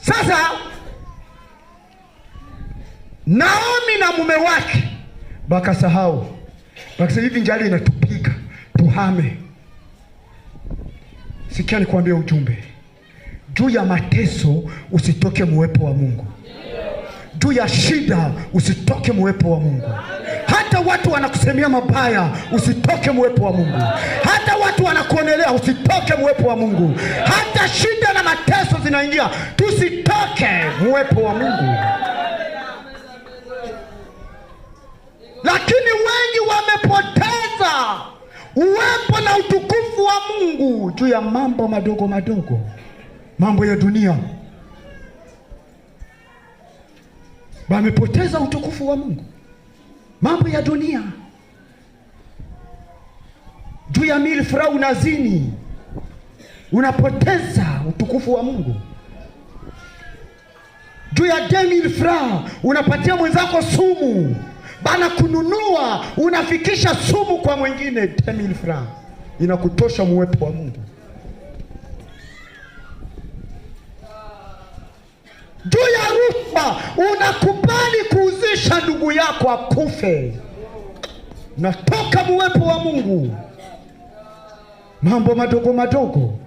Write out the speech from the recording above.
Sasa Naomi na mume wake wakasahau, wakasema hivi, njali inatupiga tuhame. Sikia nikuambia ujumbe juu ya mateso, usitoke muwepo wa Mungu. Juu ya shida, usitoke muwepo wa Mungu. Hata watu wanakusemea mabaya, usitoke muwepo wa Mungu. Hata watu wanakuonelea, usitoke muwepo wa Mungu. Hata shida na mateso zinaingia tu uwepo wa Mungu, lakini wengi wamepoteza uwepo na utukufu wa Mungu juu ya mambo madogo madogo, mambo ya dunia. Wamepoteza utukufu wa Mungu, mambo ya dunia, juu ya milfra unazini, unapoteza utukufu wa Mungu juu ya demil fra unapatia mwenzako sumu bana, kununua unafikisha sumu kwa mwengine. Demil fra inakutosha muwepo wa Mungu juu ya rushwa unakubali kuuzisha ndugu yako akufe, natoka muwepo wa Mungu. Mambo madogo madogo